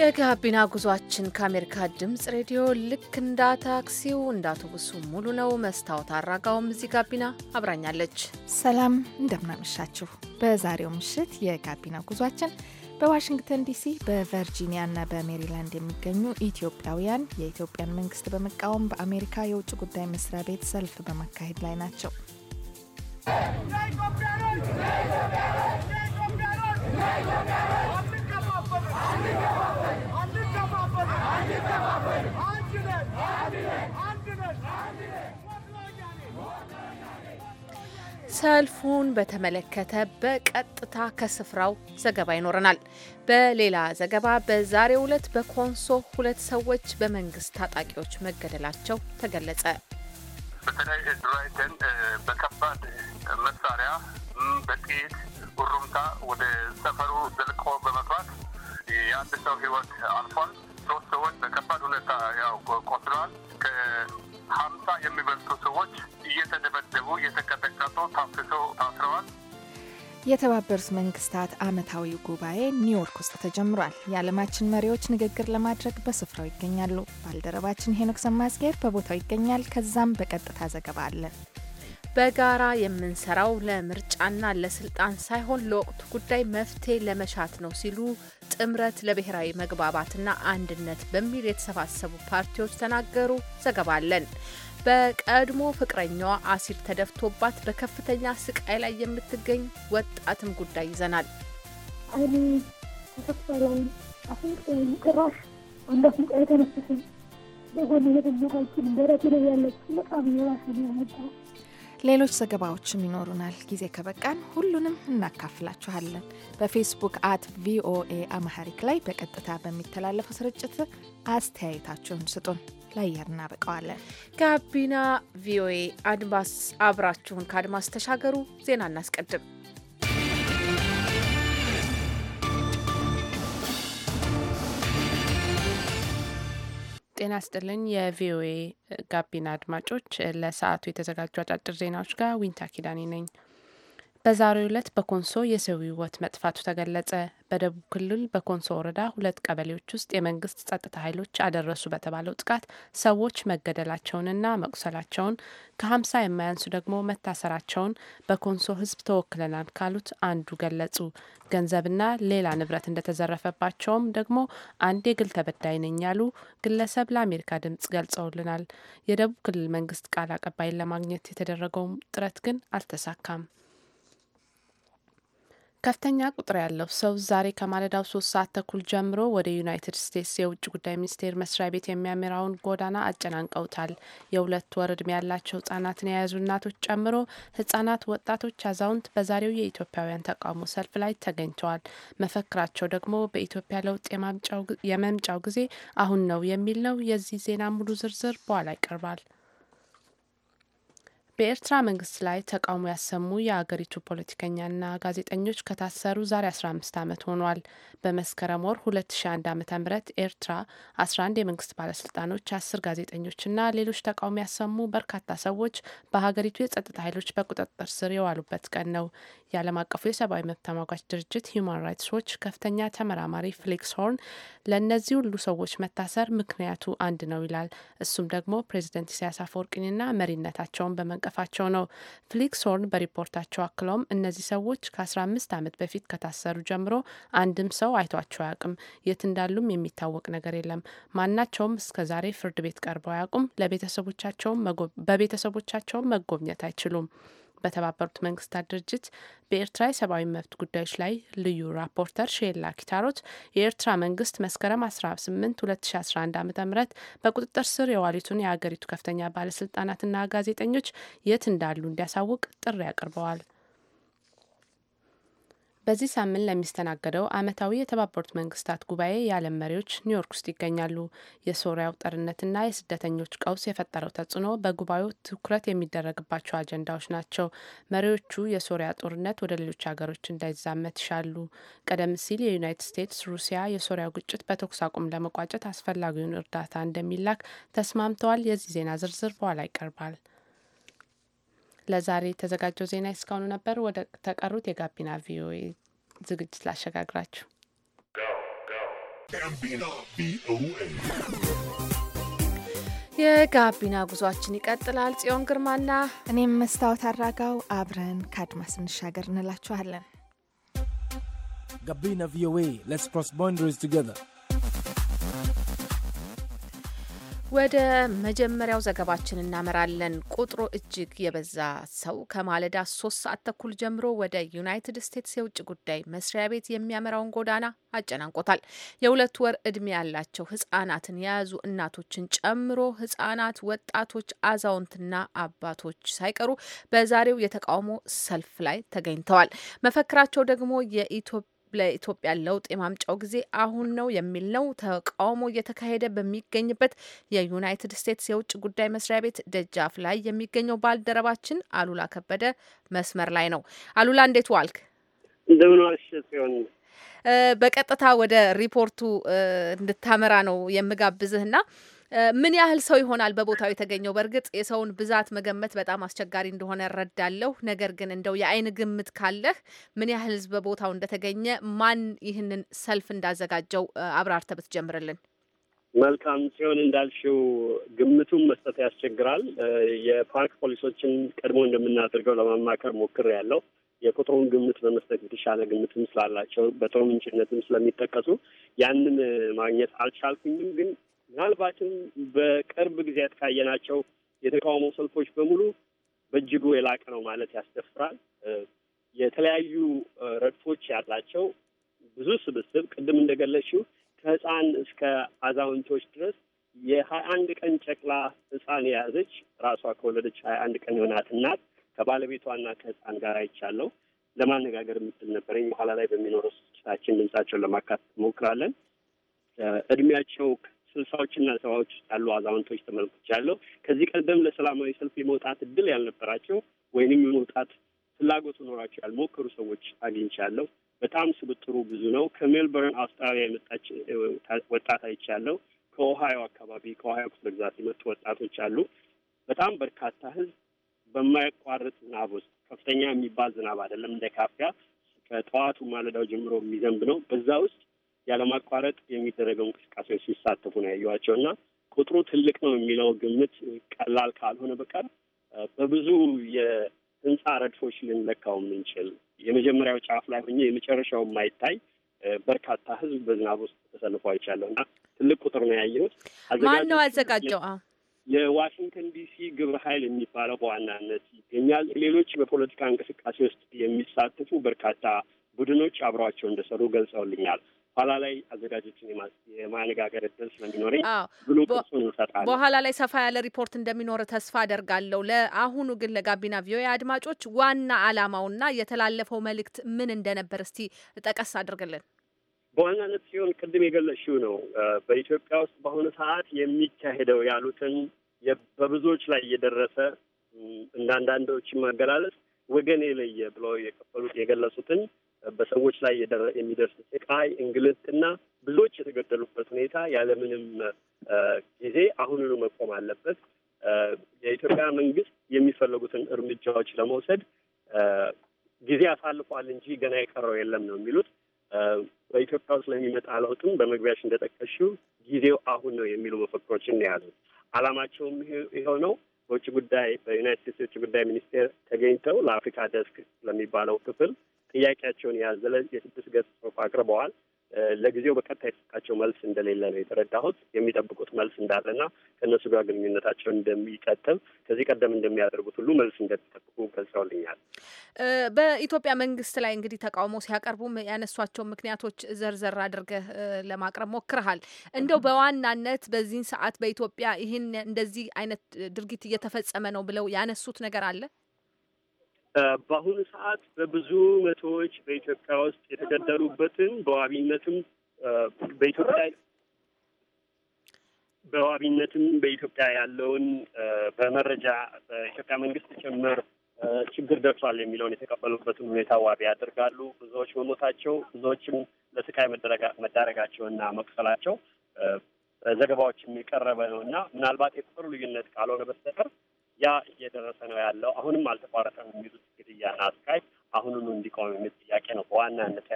የጋቢና ጉዟችን ከአሜሪካ ድምፅ ሬዲዮ ልክ እንዳ ታክሲው እንደ አውቶቡሱ ሙሉ ነው። መስታወት አራጋውም እዚህ ጋቢና አብራኛለች። ሰላም እንደምናመሻችሁ። በዛሬው ምሽት የጋቢና ጉዟችን በዋሽንግተን ዲሲ በቨርጂኒያና በሜሪላንድ የሚገኙ ኢትዮጵያውያን የኢትዮጵያን መንግስት በመቃወም በአሜሪካ የውጭ ጉዳይ መስሪያ ቤት ሰልፍ በማካሄድ ላይ ናቸው። ኢትዮጵያኖች ሰልፉን በተመለከተ በቀጥታ ከስፍራው ዘገባ ይኖረናል። በሌላ ዘገባ በዛሬው ዕለት በኮንሶ ሁለት ሰዎች በመንግስት ታጣቂዎች መገደላቸው ተገለጸ። በተለይ ድራይተን በከባድ መሳሪያ በጥይት ሁሩምታ ወደ ሰፈሩ ዘልቆ በመግባት የአንድ ሰው ህይወት አልፏል። ሶስት ሰዎች በከባድ ሁኔታ ያው ቆስለዋል። ሀምሳ የሚበልጡ ሰዎች እየተደበደቡ እየተቀጠቀጡ ታፍሰው ታስረዋል። የተባበሩት መንግስታት አመታዊ ጉባኤ ኒውዮርክ ውስጥ ተጀምሯል። የዓለማችን መሪዎች ንግግር ለማድረግ በስፍራው ይገኛሉ። ባልደረባችን ሄኖክ ሰማዝጌር በቦታው ይገኛል። ከዛም በቀጥታ ዘገባ አለን። በጋራ የምንሰራው ለምርጫና ለስልጣን ሳይሆን ለወቅቱ ጉዳይ መፍትሄ ለመሻት ነው ሲሉ ጥምረት ለብሔራዊ መግባባትና አንድነት በሚል የተሰባሰቡ ፓርቲዎች ተናገሩ። ዘገባ አለን። በቀድሞ ፍቅረኛዋ አሲድ ተደፍቶባት በከፍተኛ ስቃይ ላይ የምትገኝ ወጣትም ጉዳይ ይዘናል። በጣም ሌሎች ዘገባዎችም ይኖሩናል። ጊዜ ከበቃን ሁሉንም እናካፍላችኋለን። በፌስቡክ አት ቪኦኤ አማሐሪክ ላይ በቀጥታ በሚተላለፈው ስርጭት አስተያየታችሁን ስጡን፣ ለአየር እናበቀዋለን። ጋቢና ቪኦኤ አድማስ፣ አብራችሁን ከአድማስ ተሻገሩ። ዜና እናስቀድም። ጤና ይስጥልኝ የቪኦኤ ጋቢና አድማጮች፣ ለሰዓቱ የተዘጋጁ አጫጭር ዜናዎች ጋር ዊንታ ኪዳኔ ነኝ። በዛሬው ዕለት በኮንሶ የሰው ህይወት መጥፋቱ ተገለጸ። በደቡብ ክልል በኮንሶ ወረዳ ሁለት ቀበሌዎች ውስጥ የመንግስት ጸጥታ ኃይሎች አደረሱ በተባለው ጥቃት ሰዎች መገደላቸውንና መቁሰላቸውን ከሀምሳ የማያንሱ ደግሞ መታሰራቸውን በኮንሶ ህዝብ ተወክለናል ካሉት አንዱ ገለጹ። ገንዘብና ሌላ ንብረት እንደተዘረፈባቸውም ደግሞ አንድ የግል ተበዳይ ነኝ ያሉ ግለሰብ ለአሜሪካ ድምጽ ገልጸውልናል። የደቡብ ክልል መንግስት ቃል አቀባይን ለማግኘት የተደረገውም ጥረት ግን አልተሳካም። ከፍተኛ ቁጥር ያለው ሰው ዛሬ ከማለዳው ሶስት ሰዓት ተኩል ጀምሮ ወደ ዩናይትድ ስቴትስ የውጭ ጉዳይ ሚኒስቴር መስሪያ ቤት የሚያመራውን ጎዳና አጨናንቀውታል። የሁለት ወር እድሜ ያላቸው ህጻናትን የያዙ እናቶች ጨምሮ ህጻናት፣ ወጣቶች፣ አዛውንት በዛሬው የኢትዮጵያውያን ተቃውሞ ሰልፍ ላይ ተገኝተዋል። መፈክራቸው ደግሞ በኢትዮጵያ ለውጥ የመምጫው ጊዜ አሁን ነው የሚል ነው። የዚህ ዜና ሙሉ ዝርዝር በኋላ ይቀርባል። በኤርትራ መንግስት ላይ ተቃውሞ ያሰሙ የአገሪቱ ፖለቲከኛና ጋዜጠኞች ከታሰሩ ዛሬ 15 ዓመት ሆኗል። በመስከረም ወር 2001 ዓ ም ኤርትራ 11 የመንግስት ባለስልጣኖች፣ 10 ጋዜጠኞችና ሌሎች ተቃውሞ ያሰሙ በርካታ ሰዎች በሀገሪቱ የጸጥታ ኃይሎች በቁጥጥር ስር የዋሉበት ቀን ነው። የዓለም አቀፉ የሰብአዊ መብት ተሟጋች ድርጅት ሂዩማን ራይትስ ዎች ከፍተኛ ተመራማሪ ፍሊክስ ሆርን ለእነዚህ ሁሉ ሰዎች መታሰር ምክንያቱ አንድ ነው ይላል። እሱም ደግሞ ፕሬዚደንት ኢሳያስ አፈወርቂንና መሪነታቸውን በመንቀፋቸው ነው። ፍሊክስ ሆርን በሪፖርታቸው አክለውም እነዚህ ሰዎች ከ15 ዓመት በፊት ከታሰሩ ጀምሮ አንድም ሰው አይቷቸው አያውቅም። የት እንዳሉም የሚታወቅ ነገር የለም። ማናቸውም እስከዛሬ ፍርድ ቤት ቀርበው አያውቁም። ለቤተሰቦቻቸውም በቤተሰቦቻቸውም መጎብኘት አይችሉም። በተባበሩት መንግስታት ድርጅት በኤርትራ የሰብአዊ መብት ጉዳዮች ላይ ልዩ ራፖርተር ሼላ ኪታሮት የኤርትራ መንግስት መስከረም 18 2011 ዓ ም በቁጥጥር ስር የዋሊቱን የአገሪቱ ከፍተኛ ባለስልጣናትና ጋዜጠኞች የት እንዳሉ እንዲያሳውቅ ጥሪ አቅርበዋል። በዚህ ሳምንት ለሚስተናገደው ዓመታዊ የተባበሩት መንግስታት ጉባኤ የዓለም መሪዎች ኒውዮርክ ውስጥ ይገኛሉ። የሶሪያው ጦርነትና የስደተኞች ቀውስ የፈጠረው ተጽዕኖ በጉባኤው ትኩረት የሚደረግባቸው አጀንዳዎች ናቸው። መሪዎቹ የሶሪያ ጦርነት ወደ ሌሎች ሀገሮች እንዳይዛመት ይሻሉ። ቀደም ሲል የዩናይትድ ስቴትስ ሩሲያ የሶሪያው ግጭት በተኩስ አቁም ለመቋጨት አስፈላጊውን እርዳታ እንደሚላክ ተስማምተዋል። የዚህ ዜና ዝርዝር በኋላ ይቀርባል። ለዛሬ የተዘጋጀው ዜና እስካሁኑ ነበር። ወደ ተቀሩት የጋቢና ቪኦኤ ዝግጅት ላሸጋግራችሁ። የጋቢና ጉዟችን ይቀጥላል። ጽዮን ግርማና እኔም መስታወት አራጋው አብረን ከአድማስ እንሻገር እንላችኋለን። ጋቢና ቪኦኤ ሌትስ ክሮስ ቦንደሪስ ቱጌዘር ወደ መጀመሪያው ዘገባችን እናመራለን። ቁጥሩ እጅግ የበዛ ሰው ከማለዳ ሶስት ሰዓት ተኩል ጀምሮ ወደ ዩናይትድ ስቴትስ የውጭ ጉዳይ መስሪያ ቤት የሚያመራውን ጎዳና አጨናንቆታል። የሁለት ወር እድሜ ያላቸው ህጻናትን የያዙ እናቶችን ጨምሮ ህጻናት፣ ወጣቶች፣ አዛውንትና አባቶች ሳይቀሩ በዛሬው የተቃውሞ ሰልፍ ላይ ተገኝተዋል። መፈክራቸው ደግሞ የኢትዮ ለኢትዮጵያ ለውጥ የማምጫው ጊዜ አሁን ነው የሚል ነው። ተቃውሞ እየተካሄደ በሚገኝበት የዩናይትድ ስቴትስ የውጭ ጉዳይ መስሪያ ቤት ደጃፍ ላይ የሚገኘው ባልደረባችን አሉላ ከበደ መስመር ላይ ነው። አሉላ እንዴት ዋልክ? እንደምንዋልሽ በቀጥታ ወደ ሪፖርቱ እንድታመራ ነው የምጋብዝህና ምን ያህል ሰው ይሆናል በቦታው የተገኘው? በእርግጥ የሰውን ብዛት መገመት በጣም አስቸጋሪ እንደሆነ እረዳለሁ። ነገር ግን እንደው የአይን ግምት ካለህ ምን ያህል ህዝብ በቦታው እንደተገኘ፣ ማን ይህንን ሰልፍ እንዳዘጋጀው አብራርተ ብትጀምርልን። መልካም ሲሆን እንዳልሽው ግምቱን መስጠት ያስቸግራል። የፓርክ ፖሊሶችን ቀድሞ እንደምናደርገው ለማማከር ሞክር ያለው የቁጥሩን ግምት በመስጠት የተሻለ ግምትም ስላላቸው በጥሩ ምንጭነትም ስለሚጠቀሱ ያንን ማግኘት አልቻልኩኝም ግን ምናልባትም በቅርብ ጊዜያት ካየናቸው የተቃውሞ ሰልፎች በሙሉ በእጅጉ የላቀ ነው ማለት ያስደፍራል። የተለያዩ ረድፎች ያላቸው ብዙ ስብስብ ቅድም እንደገለችው ከህፃን እስከ አዛውንቶች ድረስ የሀያ አንድ ቀን ጨቅላ ህፃን የያዘች ራሷ ከወለደች ሀያ አንድ ቀን የሆናት እናት ከባለቤቷና ከህፃን ጋር አይቻለው ለማነጋገር የምትል ነበረኝ። በኋላ ላይ በሚኖረው ስርጭታችን ድምጻቸውን ለማካት ሞክራለን። እድሜያቸው ስልሳዎችና ሰባዎች ውስጥ ያሉ አዛውንቶች ተመልክቻለሁ። ከዚህ ቀደም ለሰላማዊ ሰልፍ የመውጣት እድል ያልነበራቸው ወይንም የመውጣት ፍላጎት ኖሯቸው ያልሞከሩ ሰዎች አግኝቻለሁ። በጣም ስብጥሩ ብዙ ነው። ከሜልበርን አውስትራሊያ የመጣች ወጣት አይቻለሁ። ከኦሃዮ አካባቢ ከኦሃዮ ክፍለ ግዛት የመጡ ወጣቶች አሉ። በጣም በርካታ ህዝብ በማያቋርጥ ዝናብ ውስጥ ከፍተኛ የሚባል ዝናብ አይደለም፣ እንደ ካፊያ ከጠዋቱ ማለዳው ጀምሮ የሚዘንብ ነው። በዛ ውስጥ ያለማቋረጥ የሚደረገው እንቅስቃሴ ሲሳተፉ ነው ያየኋቸው እና ቁጥሩ ትልቅ ነው የሚለው ግምት ቀላል ካልሆነ በቀር በብዙ የህንፃ ረድፎች ልንለካው የምንችል የመጀመሪያው ጫፍ ላይ ሆኜ የመጨረሻው የማይታይ በርካታ ህዝብ በዝናብ ውስጥ ተሰልፎ አይቻለሁ እና ትልቅ ቁጥር ነው ያየሁት። ማን ነው ያዘጋጀው? የዋሽንግተን ዲሲ ግብረ ኃይል የሚባለው በዋናነት ይገኛል። ሌሎች በፖለቲካ እንቅስቃሴ ውስጥ የሚሳተፉ በርካታ ቡድኖች አብረዋቸው እንደሰሩ ገልጸውልኛል። ኋላ ላይ አዘጋጆችን የማነጋገር እድል ስለሚኖረኝ ብሎ ቅርሱን ይሰጣል። በኋላ ላይ ሰፋ ያለ ሪፖርት እንደሚኖር ተስፋ አደርጋለሁ። ለአሁኑ ግን ለጋቢና ቪኦኤ አድማጮች ዋና አላማውና የተላለፈው መልእክት ምን እንደነበር እስቲ ጠቀስ አድርግልን። በዋናነት ሲሆን ቅድም የገለሽው ነው በኢትዮጵያ ውስጥ በአሁኑ ሰዓት የሚካሄደው ያሉትን በብዙዎች ላይ እየደረሰ እንደ አንዳንዶችም አገላለጽ ወገን የለየ ብለው የቀበሉት የገለጹትን በሰዎች ላይ የሚደርስ ስቃይ፣ እንግልትና ብዙዎች የተገደሉበት ሁኔታ ያለምንም ጊዜ አሁኑኑ መቆም አለበት። የኢትዮጵያ መንግስት የሚፈለጉትን እርምጃዎች ለመውሰድ ጊዜ አሳልፏል እንጂ ገና የቀረው የለም ነው የሚሉት። በኢትዮጵያ ውስጥ ለሚመጣ ለውጥም በመግቢያሽ እንደጠቀሽው ጊዜው አሁን ነው የሚሉ መፈክሮችን ነው የያዙት። ዓላማቸውም ይኸው ነው። በውጭ ጉዳይ በዩናይትድ ስቴትስ የውጭ ጉዳይ ሚኒስቴር ተገኝተው ለአፍሪካ ደስክ ለሚባለው ክፍል ጥያቄያቸውን ያዘለ የስድስት ገጽ ጽሑፍ አቅርበዋል። ለጊዜው በቀጥታ የተሰጣቸው መልስ እንደሌለ ነው የተረዳሁት። የሚጠብቁት መልስ እንዳለና ከእነሱ ጋር ግንኙነታቸው እንደሚቀጥል ከዚህ ቀደም እንደሚያደርጉት ሁሉ መልስ እንደሚጠብቁ ገልጸውልኛል። በኢትዮጵያ መንግስት ላይ እንግዲህ ተቃውሞ ሲያቀርቡም ያነሷቸው ምክንያቶች ዘርዘር አድርገህ ለማቅረብ ሞክረሃል። እንደው በዋናነት በዚህን ሰዓት በኢትዮጵያ ይህን እንደዚህ አይነት ድርጊት እየተፈጸመ ነው ብለው ያነሱት ነገር አለ? በአሁኑ ሰዓት በብዙ መቶዎች በኢትዮጵያ ውስጥ የተገደሉበትን በዋቢነትም በኢትዮጵያ በዋቢነትም በኢትዮጵያ ያለውን በመረጃ በኢትዮጵያ መንግስት ጭምር ችግር ደርሷል የሚለውን የተቀበሉበትን ሁኔታ ዋቢ ያደርጋሉ። ብዙዎች መሞታቸው፣ ብዙዎችም ለስቃይ መዳረጋቸው እና መቁሰላቸው ዘገባዎች የቀረበ ነው እና ምናልባት የቁጥር ልዩነት ካልሆነ በስተቀር ያ እየደረሰ ነው ያለው አሁንም አልተቋረጠም የሚ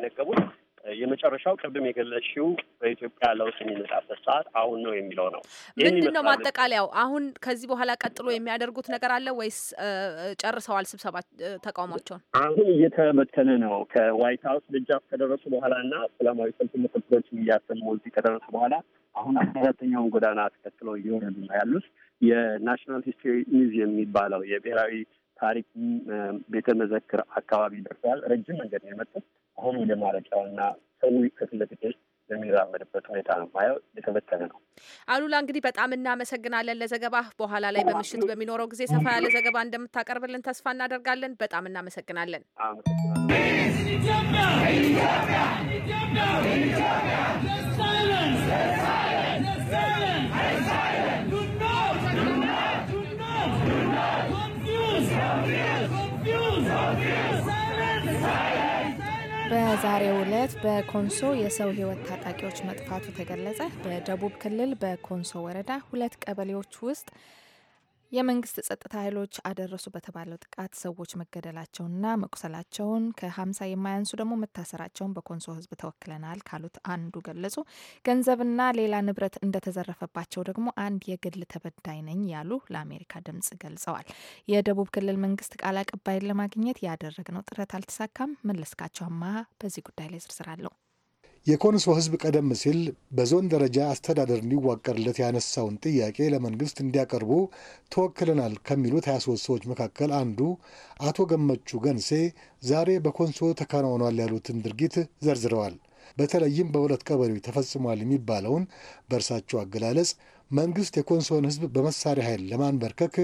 ያስመዘገቡት። የመጨረሻው ቅድም የገለሽው በኢትዮጵያ ለውጥ የሚመጣበት ሰዓት አሁን ነው የሚለው ነው። ምንድን ነው ማጠቃለያው? አሁን ከዚህ በኋላ ቀጥሎ የሚያደርጉት ነገር አለ ወይስ ጨርሰዋል ስብሰባ ተቃውሟቸውን? አሁን እየተበተነ ነው። ከዋይት ሀውስ ደጃፍ ከደረሱ በኋላ እና ሰላማዊ ሰልፍ ምክትሎችን እያሰሙ እዚህ ከደረሱ በኋላ አሁን አስራ አራተኛውን ጎዳና ተከትለው እየወረዱ ነው ያሉት። የናሽናል ሂስትሪ ሚውዚየም የሚባለው የብሔራዊ ታሪክ ቤተ መዘክር አካባቢ ደርሰዋል። ረጅም መንገድ ነው የመጡት። ሆኑ የማረቂያውና ሰው ከፊት ለፊት የሚራመድበት ሁኔታ ነው ማየው። የተበተነ ነው። አሉላ እንግዲህ በጣም እናመሰግናለን ለዘገባ። በኋላ ላይ በምሽት በሚኖረው ጊዜ ሰፋ ያለ ዘገባ እንደምታቀርብልን ተስፋ እናደርጋለን። በጣም እናመሰግናለን። አመሰግናለን። በዛሬው ዕለት በኮንሶ የሰው ህይወት ታጣቂዎች መጥፋቱ ተገለጸ። በደቡብ ክልል በኮንሶ ወረዳ ሁለት ቀበሌዎች ውስጥ የመንግስት ጸጥታ ኃይሎች አደረሱ በተባለው ጥቃት ሰዎች መገደላቸውና መቁሰላቸውን ከሀምሳ የማያንሱ ደግሞ መታሰራቸውን በኮንሶ ህዝብ ተወክለናል ካሉት አንዱ ገለጹ። ገንዘብና ሌላ ንብረት እንደተዘረፈባቸው ደግሞ አንድ የግል ተበዳይ ነኝ ያሉ ለአሜሪካ ድምጽ ገልጸዋል። የደቡብ ክልል መንግስት ቃል አቀባይን ለማግኘት ያደረግነው ጥረት አልተሳካም። መለስካቸው አማሃ በዚህ ጉዳይ ላይ ዝርዝር አለው። የኮንሶ ህዝብ ቀደም ሲል በዞን ደረጃ አስተዳደር እንዲዋቀርለት ያነሳውን ጥያቄ ለመንግስት እንዲያቀርቡ ተወክለናል ከሚሉት 23 ሰዎች መካከል አንዱ አቶ ገመቹ ገንሴ ዛሬ በኮንሶ ተከናውኗል ያሉትን ድርጊት ዘርዝረዋል። በተለይም በሁለት ቀበሌዎች ተፈጽሟል የሚባለውን በእርሳቸው አገላለጽ መንግስት የኮንሶን ህዝብ በመሳሪያ ኃይል ለማንበርከክ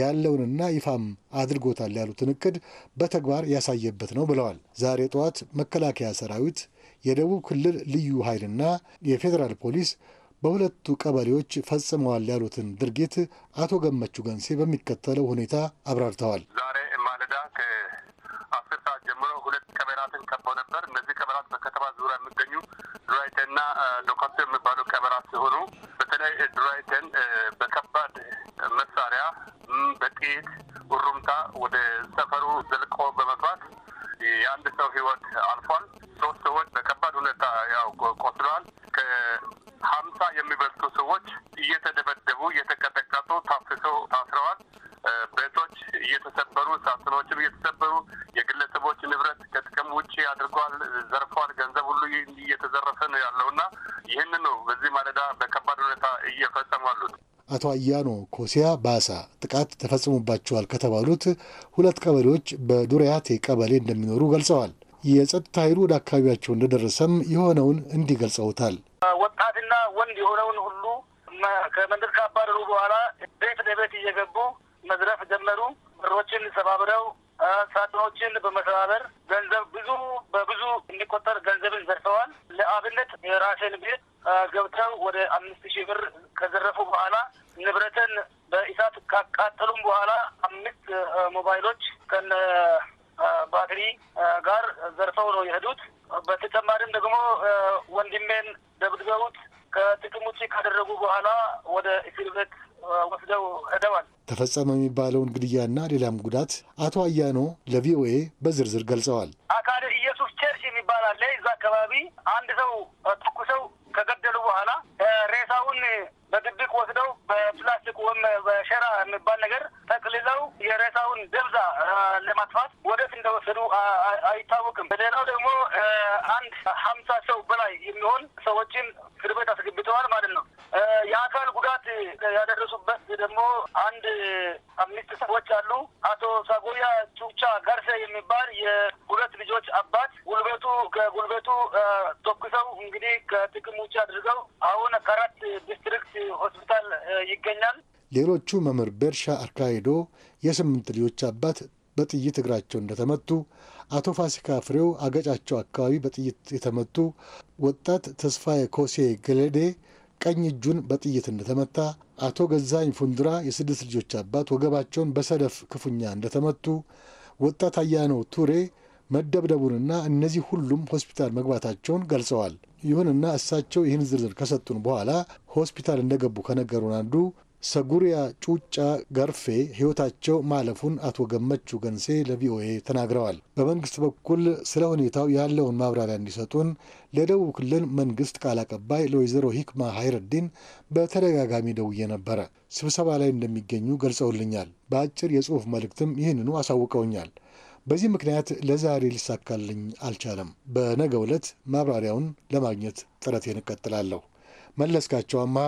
ያለውንና ይፋም አድርጎታል ያሉትን እቅድ በተግባር ያሳየበት ነው ብለዋል። ዛሬ ጠዋት መከላከያ ሰራዊት የደቡብ ክልል ልዩ ኃይልና የፌዴራል ፖሊስ በሁለቱ ቀበሌዎች ፈጽመዋል ያሉትን ድርጊት አቶ ገመቹ ገንሴ በሚከተለው ሁኔታ አብራርተዋል። ዛሬ ማለዳ ከአስር ሰዓት ጀምሮ ሁለት ቀበላትን ከበው ነበር። እነዚህ ቀበላት በከተማ ዙሪያ የሚገኙ ድራይተንና ዶካቶ የሚባሉ ቀበራት ሲሆኑ በተለይ ድራይተን በከባድ መሳሪያ በጥይት፣ ሩምታ ወደ ሰፈሩ ዘልቆ በመግባት የአንድ ሰው ህይወት አልፏል። ሶስት ሰዎች በከባድ ሁኔታ ያው ቆስለዋል። ከሀምሳ የሚበልጡ ሰዎች እየተደበደቡ እየተቀጠቀጡ ታፍሰው ታስረዋል። ቤቶች እየተሰበሩ፣ ሳጥኖችም እየተሰበሩ የግለሰቦች ንብረት ከጥቅም ውጭ አድርጓል፣ ዘርፏል። ገንዘብ ሁሉ እየተዘረፈ ነው ያለውና ይህንን ነው በዚህ ማለዳ በከባድ ሁኔታ እየፈጸሙ አሉት። አቶ አያኖ ኮሲያ ባሳ ጥቃት ተፈጽሞባቸዋል ከተባሉት ሁለት ቀበሌዎች በዱሪያቴ ቀበሌ እንደሚኖሩ ገልጸዋል። የጸጥታ ኃይሉ ወደ አካባቢያቸው እንደደረሰም የሆነውን እንዲህ ገልጸውታል። ወጣትና ወንድ የሆነውን ሁሉ ከመንደር ካባረሩ በኋላ ቤት ለቤት እየገቡ መዝረፍ ጀመሩ። በሮችን ሰባብረው ሳጥኖችን በመሰባበር ገንዘብ ብዙ በብዙ የሚቆጠር ገንዘብን ዘርፈዋል። ለአብነት የራሴን ቤት ገብተው ወደ አምስት ሺህ ብር ከዘረፉ በኋላ ንብረትን በእሳት ካቃጠሉም በኋላ አምስት ሞባይሎች ከነ ባትሪ ጋር ዘርፈው ነው የሄዱት። በተጨማሪም ደግሞ ወንድሜን ደብድበውት ከጥቅም ውጭ ካደረጉ በኋላ ወደ እስር ቤት ወስደው ሄደዋል። ተፈጸመ የሚባለውን ግድያና ሌላም ጉዳት አቶ አያኖ ለቪኦኤ በዝርዝር ገልጸዋል። አካል ኢየሱስ ቸርች የሚባል አለ። እዛ አካባቢ አንድ ሰው ተኩሰው በኋላ ሬሳውን በድብቅ ወስደው በፕላስቲክ ወይም በሸራ የሚባል ነገር ጠቅልለው የሬሳውን ደብዛ ለማጥፋት ወደት እንደወሰዱ አይታወቅም። ሌላው ደግሞ አንድ ሀምሳ ሰው በላይ የሚሆን ሰዎችን እስር ቤት አስገብተዋል ማለት ነው። የአካል ጉዳት ያደረሱበት ደግሞ አንድ አምስት ሰዎች አሉ። አቶ ሳጎያ ቹቻ ጋርሴ የሚባል የሁለት ልጆች አባት ጉልበቱ ከጉልበቱ ተኩሰው እንግዲህ ከጥቅም ውጭ አድርገው አሁን ከአራት ዲስትሪክት ሆስፒታል ይገኛል። ሌሎቹ መምህር ቤርሻ አርካይዶ የስምንት ልጆች አባት በጥይት እግራቸው እንደተመቱ፣ አቶ ፋሲካ ፍሬው አገጫቸው አካባቢ በጥይት የተመቱ፣ ወጣት ተስፋዬ ኮሴ ገለዴ ቀኝ እጁን በጥይት እንደተመታ፣ አቶ ገዛኝ ፉንድራ የስድስት ልጆች አባት ወገባቸውን በሰደፍ ክፉኛ እንደተመቱ፣ ወጣት አያነው ቱሬ መደብደቡንና እነዚህ ሁሉም ሆስፒታል መግባታቸውን ገልጸዋል። ይሁንና እሳቸው ይህን ዝርዝር ከሰጡን በኋላ ሆስፒታል እንደገቡ ከነገሩን አንዱ ሰጉሪያ ጩጫ ገርፌ ሕይወታቸው ማለፉን አቶ ገመቹ ገንሴ ለቪኦኤ ተናግረዋል። በመንግስት በኩል ስለ ሁኔታው ያለውን ማብራሪያ እንዲሰጡን ለደቡብ ክልል መንግስት ቃል አቀባይ ለወይዘሮ ሂክማ ሀይረዲን በተደጋጋሚ ደውዬ ነበረ። ስብሰባ ላይ እንደሚገኙ ገልጸውልኛል። በአጭር የጽሑፍ መልእክትም ይህንኑ አሳውቀውኛል። በዚህ ምክንያት ለዛሬ ሊሳካልኝ አልቻለም። በነገ ዕለት ማብራሪያውን ለማግኘት ጥረቴን እቀጥላለሁ። መለስካቸው አምሃ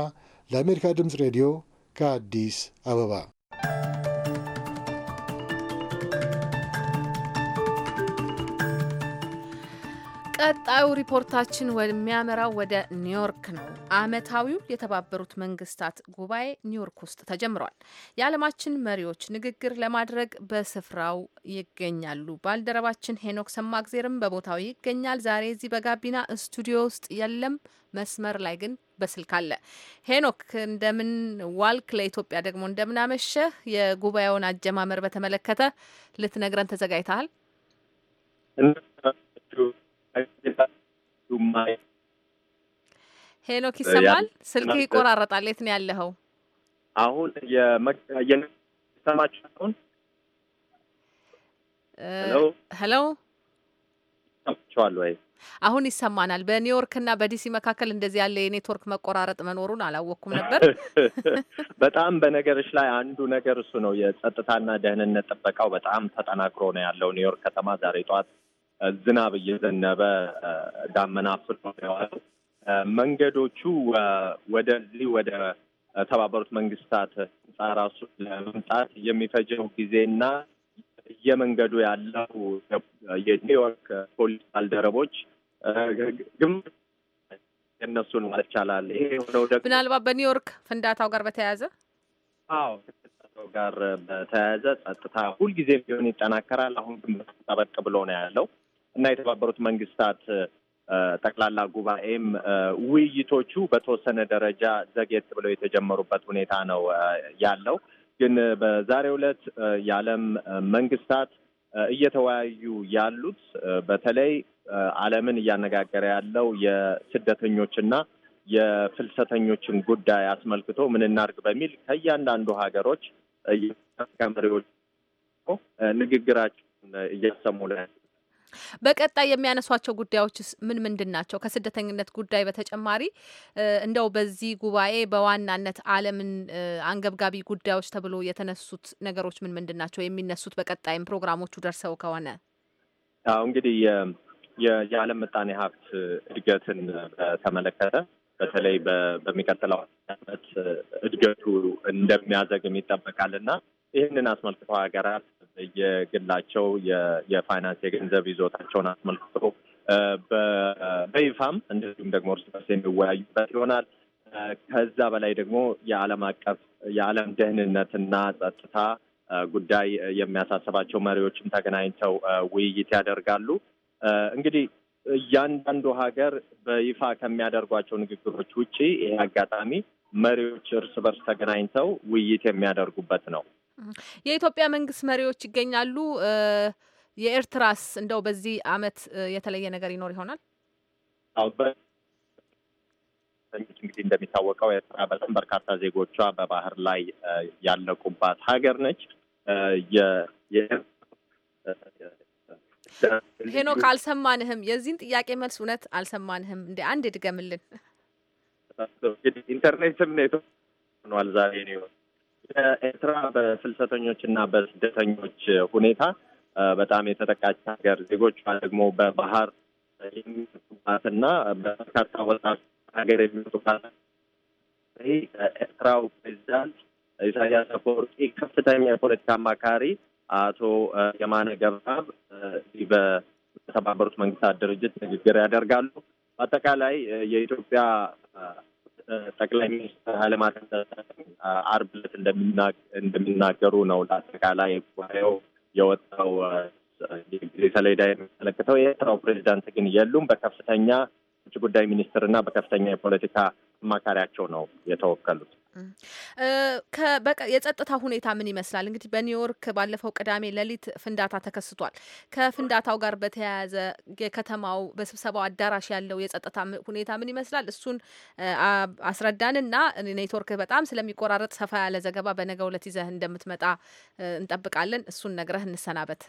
ለአሜሪካ ድምፅ ሬዲዮ ከአዲስ አበባ ቀጣዩ ሪፖርታችን የሚያመራው ወደ ኒውዮርክ ነው። አመታዊው የተባበሩት መንግስታት ጉባኤ ኒውዮርክ ውስጥ ተጀምሯል። የዓለማችን መሪዎች ንግግር ለማድረግ በስፍራው ይገኛሉ። ባልደረባችን ሄኖክ ሰማግዜርም በቦታው ይገኛል። ዛሬ እዚህ በጋቢና ስቱዲዮ ውስጥ የለም፣ መስመር ላይ ግን በስልክ አለ። ሄኖክ እንደምን ዋልክ? ለኢትዮጵያ ደግሞ እንደምናመሸህ። የጉባኤውን አጀማመር በተመለከተ ልትነግረን ተዘጋጅተሃል? ሄኖክ ይሰማል? ስልክ ይቆራረጣል። የት ነው ያለኸው? አሁን የሰማችሁ? አሁን ሄሎ ቸዋለሁ ወይ? አሁን ይሰማናል። በኒውዮርክ እና በዲሲ መካከል እንደዚህ ያለ የኔትወርክ መቆራረጥ መኖሩን አላወቅኩም ነበር። በጣም በነገሮች ላይ አንዱ ነገር እሱ ነው። የጸጥታና ደህንነት ጥበቃው በጣም ተጠናክሮ ነው ያለው ኒውዮርክ ከተማ ዛሬ ጠዋት ዝናብ እየዘነበ ዳመና አፍኖ የዋለው መንገዶቹ ወደዚህ ወደ ተባበሩት መንግስታት ህንጻ ራሱ ለመምጣት የሚፈጀው ጊዜና የመንገዱ ያለው የኒውዮርክ ፖሊስ ባልደረቦች ግማሽ ነው ማለት ይቻላል። ይሄ የሆነው ደግሞ ምናልባት በኒውዮርክ ፍንዳታው ጋር በተያያዘ አዎ ጋር በተያያዘ ጸጥታ ሁልጊዜ ቢሆን ይጠናከራል። አሁን ግን ጠበቅ ብሎ ነው ያለው። እና የተባበሩት መንግስታት ጠቅላላ ጉባኤም ውይይቶቹ በተወሰነ ደረጃ ዘግየት ብለው የተጀመሩበት ሁኔታ ነው ያለው። ግን በዛሬው ዕለት የዓለም መንግስታት እየተወያዩ ያሉት በተለይ ዓለምን እያነጋገረ ያለው የስደተኞችና የፍልሰተኞችን ጉዳይ አስመልክቶ ምን እናድርግ በሚል ከእያንዳንዱ ሀገሮች መሪዎች ንግግራቸውን እያሰሙ በቀጣይ የሚያነሷቸው ጉዳዮችስ ምን ምንድን ናቸው? ከስደተኝነት ጉዳይ በተጨማሪ እንደው በዚህ ጉባኤ በዋናነት ዓለምን አንገብጋቢ ጉዳዮች ተብሎ የተነሱት ነገሮች ምን ምንድን ናቸው የሚነሱት? በቀጣይም ፕሮግራሞቹ ደርሰው ከሆነ አሁ እንግዲህ የዓለም ምጣኔ ሀብት እድገትን በተመለከተ በተለይ በሚቀጥለው ዓመት እድገቱ እንደሚያዘግም ይጠበቃል እና ይህንን አስመልክቶ ሀገራት የግላቸው የፋይናንስ የገንዘብ ይዞታቸውን አስመልክቶ በይፋም እንደዚሁም ደግሞ እርስ በርስ የሚወያዩበት ይሆናል። ከዛ በላይ ደግሞ የዓለም አቀፍ የዓለም ደህንነትና ጸጥታ ጉዳይ የሚያሳስባቸው መሪዎችም ተገናኝተው ውይይት ያደርጋሉ። እንግዲህ እያንዳንዱ ሀገር በይፋ ከሚያደርጓቸው ንግግሮች ውጪ ይሄ አጋጣሚ መሪዎች እርስ በርስ ተገናኝተው ውይይት የሚያደርጉበት ነው። የኢትዮጵያ መንግስት መሪዎች ይገኛሉ። የኤርትራስ እንደው በዚህ አመት የተለየ ነገር ይኖር ይሆናል? እንግዲህ እንደሚታወቀው ኤርትራ በጣም በርካታ ዜጎቿ በባህር ላይ ያለቁባት ሀገር ነች። ሄኖክ አልሰማንህም። የዚህን ጥያቄ መልስ እውነት አልሰማንህም። እንደ አንድ ድገምልን። ኢንተርኔትም ዛሬ ነው ኤርትራ በፍልሰተኞች እና በስደተኞች ሁኔታ በጣም የተጠቃች ሀገር፣ ዜጎቿ ደግሞ በባህር የሚመጡባት እና በርካታ ወጣት ሀገር የሚመጡባት ይህ ኤርትራው ፕሬዚዳንት ኢሳያስ አፈወርቂ ከፍተኛ የፖለቲካ አማካሪ አቶ የማነ ገብረአብ በተባበሩት መንግስታት ድርጅት ንግግር ያደርጋሉ። በአጠቃላይ የኢትዮጵያ ጠቅላይ ሚኒስትር ኃይለማርያም ደሳለኝ ዕለት እንደሚናገሩ ነው ለአጠቃላይ ጉባኤው የወጣው የጊዜ ሰሌዳ የሚመለከተው። የኤርትራው ፕሬዚዳንት ግን የሉም። በከፍተኛ ውጭ ጉዳይ ሚኒስትር በከፍተኛ የፖለቲካ አማካሪያቸው ነው የተወከሉት። የጸጥታ ሁኔታ ምን ይመስላል? እንግዲህ በኒውዮርክ ባለፈው ቅዳሜ ሌሊት ፍንዳታ ተከስቷል። ከፍንዳታው ጋር በተያያዘ የከተማው በስብሰባው አዳራሽ ያለው የጸጥታ ሁኔታ ምን ይመስላል? እሱን አስረዳንና ኔትወርክ በጣም ስለሚቆራረጥ ሰፋ ያለ ዘገባ በነገ ዕለት ይዘህ እንደምትመጣ እንጠብቃለን። እሱን ነግረህ እንሰናበት።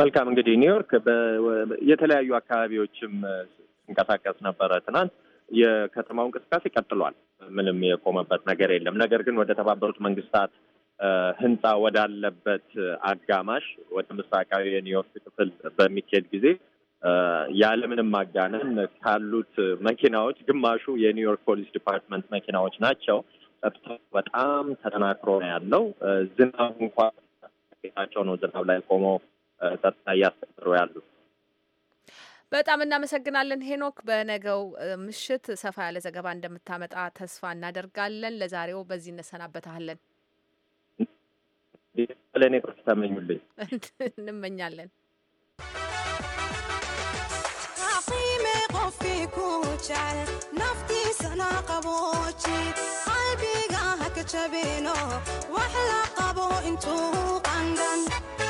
መልካም። እንግዲህ ኒውዮርክ የተለያዩ አካባቢዎችም ስንቀሳቀስ ነበረ ትናንት የከተማው እንቅስቃሴ ቀጥሏል። ምንም የቆመበት ነገር የለም። ነገር ግን ወደ ተባበሩት መንግስታት ህንፃ ወዳለበት አጋማሽ ወደ ምስራቃዊ የኒውዮርክ ክፍል በሚካሄድ ጊዜ ያለምንም ማጋነን ካሉት መኪናዎች ግማሹ የኒውዮርክ ፖሊስ ዲፓርትመንት መኪናዎች ናቸው። ጸጥታ በጣም ተጠናክሮ ነው ያለው። ዝናብ እንኳ ቤታቸው ነው ዝናብ ላይ ቆመው ጸጥታ እያስጠሩ ያሉት በጣም እናመሰግናለን ሄኖክ። በነገው ምሽት ሰፋ ያለ ዘገባ እንደምታመጣ ተስፋ እናደርጋለን። ለዛሬው በዚህ እንሰናበታለን። ለእኔ ተመኙልኝ እንመኛለን።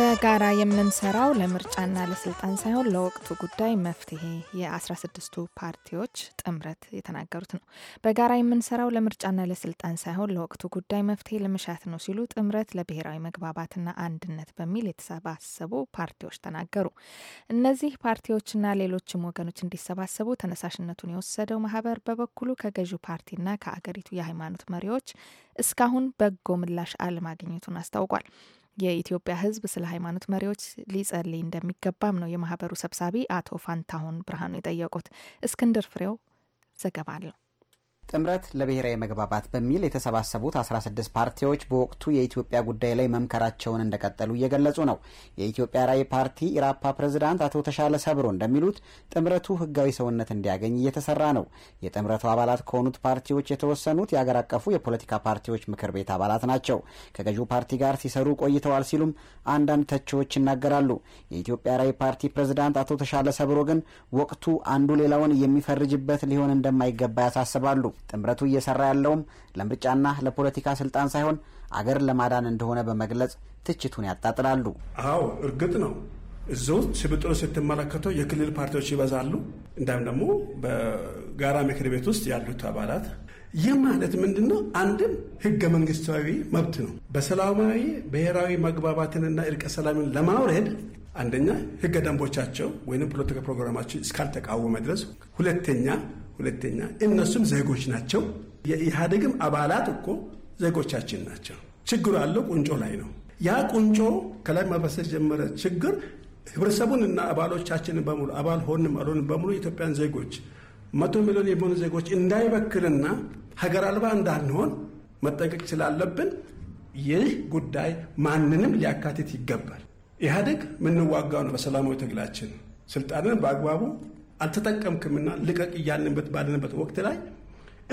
በጋራ የምንሰራው ለምርጫና ለስልጣን ሳይሆን ለወቅቱ ጉዳይ መፍትሄ የአስራስድስቱ ፓርቲዎች ጥምረት የተናገሩት ነው። በጋራ የምንሰራው ለምርጫና ለስልጣን ሳይሆን ለወቅቱ ጉዳይ መፍትሄ ለመሻት ነው ሲሉ ጥምረት ለብሔራዊ መግባባትና አንድነት በሚል የተሰባሰቡ ፓርቲዎች ተናገሩ። እነዚህ ፓርቲዎችና ሌሎችም ወገኖች እንዲሰባሰቡ ተነሳሽነቱን የወሰደው ማህበር በበኩሉ ከገዢው ፓርቲና ከአገሪቱ የሃይማኖት መሪዎች እስካሁን በጎ ምላሽ አለማግኘቱን አስታውቋል። የኢትዮጵያ ሕዝብ ስለ ሃይማኖት መሪዎች ሊጸልይ እንደሚገባም ነው የማህበሩ ሰብሳቢ አቶ ፋንታሁን ብርሃኑ የጠየቁት። እስክንድር ፍሬው ዘገባ አለው። ጥምረት ለብሔራዊ መግባባት በሚል የተሰባሰቡት 16 ፓርቲዎች በወቅቱ የኢትዮጵያ ጉዳይ ላይ መምከራቸውን እንደቀጠሉ እየገለጹ ነው። የኢትዮጵያ ራዕይ ፓርቲ ኢራፓ ፕሬዝዳንት አቶ ተሻለ ሰብሮ እንደሚሉት ጥምረቱ ሕጋዊ ሰውነት እንዲያገኝ እየተሰራ ነው። የጥምረቱ አባላት ከሆኑት ፓርቲዎች የተወሰኑት የአገር አቀፉ የፖለቲካ ፓርቲዎች ምክር ቤት አባላት ናቸው። ከገዢው ፓርቲ ጋር ሲሰሩ ቆይተዋል ሲሉም አንዳንድ ተቺዎች ይናገራሉ። የኢትዮጵያ ራዕይ ፓርቲ ፕሬዝዳንት አቶ ተሻለ ሰብሮ ግን ወቅቱ አንዱ ሌላውን የሚፈርጅበት ሊሆን እንደማይገባ ያሳስባሉ። ጥምረቱ እየሰራ ያለውም ለምርጫና ለፖለቲካ ስልጣን ሳይሆን አገር ለማዳን እንደሆነ በመግለጽ ትችቱን ያጣጥላሉ። አዎ እርግጥ ነው እዚሁ ሽብጡን ስትመለከተው የክልል ፓርቲዎች ይበዛሉ። እንዳም ደግሞ በጋራ ምክር ቤት ውስጥ ያሉት አባላት ይህ ማለት ምንድን ነው? አንድም ህገ መንግስታዊ መብት ነው። በሰላማዊ ብሔራዊ መግባባትንና እርቀ ሰላምን ለማውረድ አንደኛ ህገ ደንቦቻቸው ወይም ፖለቲካ ፕሮግራማቸው እስካልተቃወመ ድረስ፣ ሁለተኛ ሁለተኛ እነሱም ዜጎች ናቸው። የኢህአዴግም አባላት እኮ ዜጎቻችን ናቸው። ችግሩ ያለው ቁንጮ ላይ ነው። ያ ቁንጮ ከላይ መፈሰስ ጀመረ። ችግር እና አባሎቻችንን በሙሉ አባል ሆንም አልሆንም በሙሉ የኢትዮጵያን ዜጎች መቶ ሚሊዮን የሚሆኑ ዜጎች እንዳይበክልና ሀገር አልባ እንዳንሆን መጠንቀቅ ስላለብን ይህ ጉዳይ ማንንም ሊያካትት ይገባል። ኢህአዴግ ምንዋጋው ነው በሰላማዊ ትግላችን ስልጣንን በአግባቡ አልተጠቀምክምና ልቀቅ እያልንበት ባለንበት ወቅት ላይ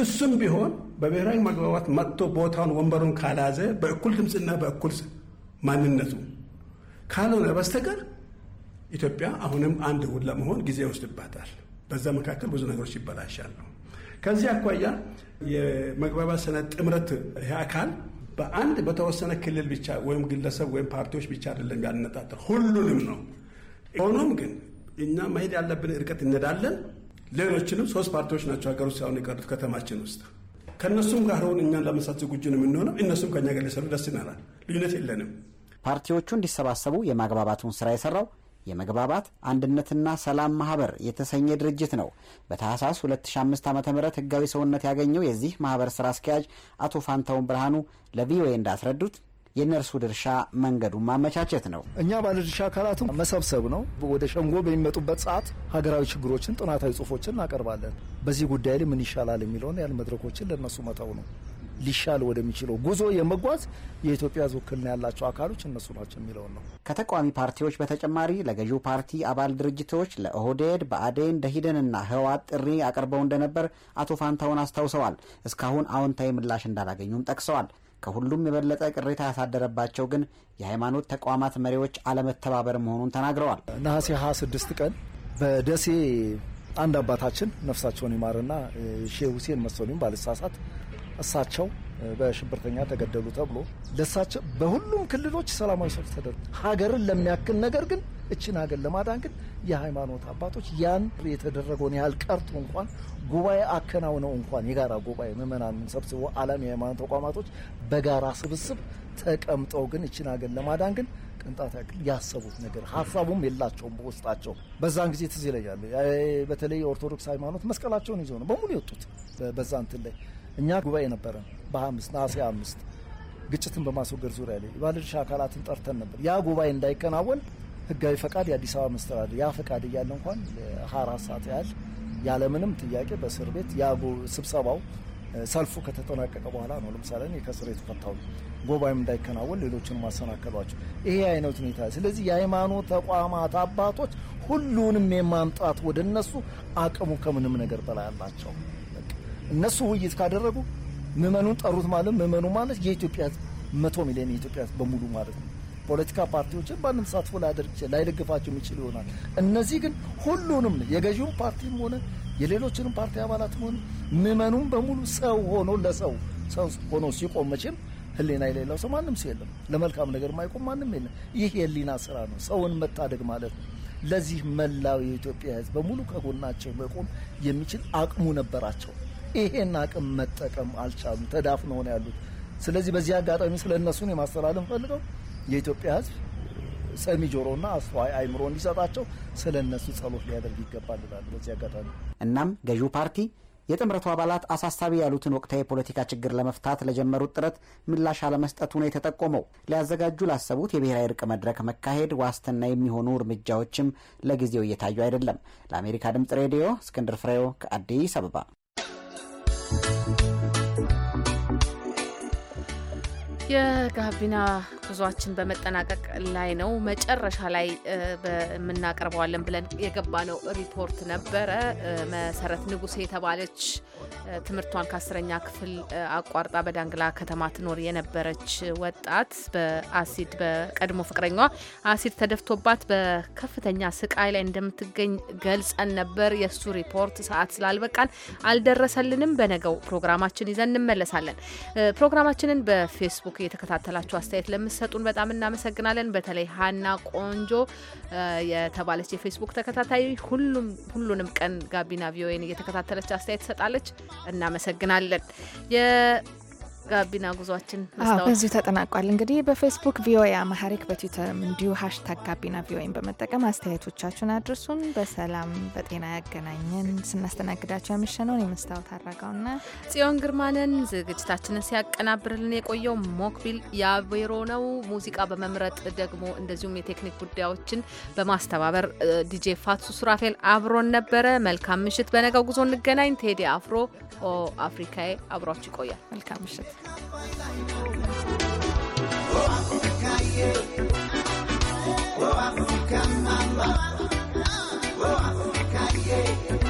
እሱም ቢሆን በብሔራዊ መግባባት መጥቶ ቦታውን ወንበሩን ካልያዘ በእኩል ድምፅና በእኩል ማንነቱ ካልሆነ በስተቀር ኢትዮጵያ አሁንም አንድ ውድ ለመሆን ጊዜ ይወስድባታል። በዛ መካከል ብዙ ነገሮች ይበላሻሉ። ከዚህ አኳያ የመግባባት ሰነድ ጥምረት ይህ አካል በአንድ በተወሰነ ክልል ብቻ ወይም ግለሰብ ወይም ፓርቲዎች ብቻ አይደለም ያነጣጠር ሁሉንም ነው። ሆኖም ግን እኛ መሄድ ያለብን እርቀት እንሄዳለን። ሌሎችንም ሶስት ፓርቲዎች ናቸው ሀገር ውስጥ አሁን የቀሩት ከተማችን ውስጥ ከእነሱም ጋር ሆን እኛን ለመሳት ዝግጁ ነው የምንሆነው። እነሱም ከእኛ ጋር ሊሰሩ ደስ ይላል። ልዩነት የለንም። ፓርቲዎቹ እንዲሰባሰቡ የማግባባቱን ስራ የሰራው የመግባባት አንድነትና ሰላም ማህበር የተሰኘ ድርጅት ነው። በታህሳስ 2005 ዓ ም ህጋዊ ሰውነት ያገኘው የዚህ ማህበር ስራ አስኪያጅ አቶ ፋንታውን ብርሃኑ ለቪኦኤ እንዳስረዱት የእነርሱ ድርሻ መንገዱን ማመቻቸት ነው። እኛ ባለድርሻ አካላትም መሰብሰብ ነው። ወደ ሸንጎ በሚመጡበት ሰዓት ሀገራዊ ችግሮችን፣ ጥናታዊ ጽሁፎችን እናቀርባለን። በዚህ ጉዳይ ላይ ምን ይሻላል የሚለውን ያህል መድረኮችን ለእነሱ መተው ነው። ሊሻል ወደሚችለው ጉዞ የመጓዝ የኢትዮጵያ ሕዝብ ውክልና ያላቸው አካሎች እነሱ ናቸው የሚለውን ነው። ከተቃዋሚ ፓርቲዎች በተጨማሪ ለገዢው ፓርቲ አባል ድርጅቶች ለኦህዴድ፣ ብአዴን፣ ና ህወሓት ጥሪ አቅርበው እንደነበር አቶ ፋንታውን አስታውሰዋል። እስካሁን አዎንታዊ ምላሽ እንዳላገኙም ጠቅሰዋል። ከሁሉም የበለጠ ቅሬታ ያሳደረባቸው ግን የሃይማኖት ተቋማት መሪዎች አለመተባበር መሆኑን ተናግረዋል። ነሐሴ 26 ቀን በደሴ አንድ አባታችን ነፍሳቸውን ይማርና ሼህ ሁሴን መሰሉም ባልሳሳት እሳቸው በሽብርተኛ ተገደሉ ተብሎ ለሳቸው በሁሉም ክልሎች ሰላማዊ ሰልፍ ተደርጎ ሀገርን ለሚያክል ነገር ግን እችን ሀገር ለማዳን ግን የሃይማኖት አባቶች ያን የተደረገውን ያህል ቀርቶ እንኳን ጉባኤ አከናውነው እንኳን የጋራ ጉባኤ ምዕመናንን ሰብስቦ ዓለም የሃይማኖት ተቋማቶች በጋራ ስብስብ ተቀምጠው ግን እችን ሀገር ለማዳን ግን ቅንጣት ያክል ያሰቡት ነገር ሀሳቡም የላቸውም በውስጣቸው። በዛን ጊዜ ትዝ ይለኛል። በተለይ የኦርቶዶክስ ሃይማኖት መስቀላቸውን ይዘው ነው በሙሉ የወጡት በዛ እንትን ላይ እኛ ጉባኤ ነበረ በአምስት 25 ነሐሴ አምስት ግጭትን በማስወገድ ዙሪያ ላይ የባለድርሻ አካላትን ጠርተን ነበር። ያ ጉባኤ እንዳይከናወን ህጋዊ ፈቃድ የአዲስ አበባ መስተዳደር ያ ፈቃድ እያለ እንኳን ሀያ ሰዓት ያህል ያለምንም ጥያቄ በእስር ቤት ያ ስብሰባው ሰልፉ ከተጠናቀቀ በኋላ ነው። ለምሳሌ ከእስር የተፈታው ጉባኤም እንዳይከናወን ሌሎችን ማሰናከሏቸው ይሄ አይነት ሁኔታ። ስለዚህ የሃይማኖት ተቋማት አባቶች ሁሉንም የማምጣት ወደ እነሱ አቅሙ ከምንም ነገር በላይ አላቸው። እነሱ ውይይት ካደረጉ ምዕመኑን ጠሩት ማለት ምዕመኑ ማለት የኢትዮጵያ ሕዝብ መቶ ሚሊዮን የኢትዮጵያ በሙሉ ማለት ነው። ፖለቲካ ፓርቲዎችን ባንም ሳትፎ ላያደርግ ይችላል፣ ላይደግፋቸው የሚችል ይሆናል። እነዚህ ግን ሁሉንም የገዢውን ፓርቲም ሆነ የሌሎችንም ፓርቲ አባላትም ሆነ ምዕመኑም በሙሉ ሰው ሆኖ ለሰው ሰው ሆኖ ሲቆም መቼም ህሊና የሌለው ሰው ማንም ሰው የለም። ለመልካም ነገር ማይቆም ማንም የለም። ይህ የህሊና ስራ ነው፣ ሰውን መታደግ ማለት ነው። ለዚህ መላው የኢትዮጵያ ህዝብ በሙሉ ከጎናቸው መቆም የሚችል አቅሙ ነበራቸው። ይሄን አቅም መጠቀም አልቻሉም፣ ተዳፍነው ነው ያሉት። ስለዚህ በዚህ አጋጣሚ ስለ ነው የማስተላለፍ እንፈልገው የኢትዮጵያ ሕዝብ ሰሚ ጆሮና አስተዋይ አይምሮ እንዲሰጣቸው ስለ እነሱ ጸሎት ሊያደርግ ይገባል ይላሉ በዚህ አጋጣሚ። እናም ገዢው ፓርቲ የጥምረቱ አባላት አሳሳቢ ያሉትን ወቅታዊ የፖለቲካ ችግር ለመፍታት ለጀመሩት ጥረት ምላሽ አለመስጠቱ ነው የተጠቆመው። ሊያዘጋጁ ላሰቡት የብሔራዊ እርቅ መድረክ መካሄድ ዋስትና የሚሆኑ እርምጃዎችም ለጊዜው እየታዩ አይደለም። ለአሜሪካ ድምጽ ሬዲዮ እስክንድር ፍሬው ከአዲስ አበባ የጋቢና ጉዟችን በመጠናቀቅ ላይ ነው። መጨረሻ ላይ የምናቀርበዋለን ብለን የገባነው ሪፖርት ነበረ። መሰረት ንጉሴ የተባለች ትምህርቷን ከአስረኛ ክፍል አቋርጣ በዳንግላ ከተማ ትኖር የነበረች ወጣት በአሲድ በቀድሞ ፍቅረኛ አሲድ ተደፍቶባት በከፍተኛ ስቃይ ላይ እንደምትገኝ ገልጸን ነበር። የእሱ ሪፖርት ሰዓት ስላልበቃን አልደረሰልንም። በነገው ፕሮግራማችን ይዘን እንመለሳለን። ፕሮግራማችንን በፌስቡክ የተከታተላችሁ አስተያየት ለምስ ስለምትሰጡን በጣም እናመሰግናለን። በተለይ ሀና ቆንጆ የተባለች የፌስቡክ ተከታታይ ሁሉም ሁሉንም ቀን ጋቢና ቪኦኤን እየተከታተለች አስተያየት ትሰጣለች። እናመሰግናለን። ጋቢና ጉዟችን በዚሁ ተጠናቋል። እንግዲህ በፌስቡክ ቪኦኤ አማሪክ በትዊተርም እንዲሁ ሀሽታግ ጋቢና ቪኦኤን በመጠቀም አስተያየቶቻችሁን አድርሱን። በሰላም በጤና ያገናኘን። ስናስተናግዳቸው ያመሸነውን የመስታወት አራጋውና ጽዮን ግርማንን፣ ዝግጅታችንን ሲያቀናብርልን የቆየው ሞክቢል ያቤሮ ነው። ሙዚቃ በመምረጥ ደግሞ እንደዚሁም የቴክኒክ ጉዳዮችን በማስተባበር ዲጄ ፋትሱ ሱራፌል አብሮን ነበረ። መልካም ምሽት። በነገው ጉዞ እንገናኝ። ቴዲ አፍሮ ኦ አፍሪካዬ አብሯችሁ ይቆያል። መልካም ምሽት። Oh, oh, Africa, mama. Oh, Africa, yeah.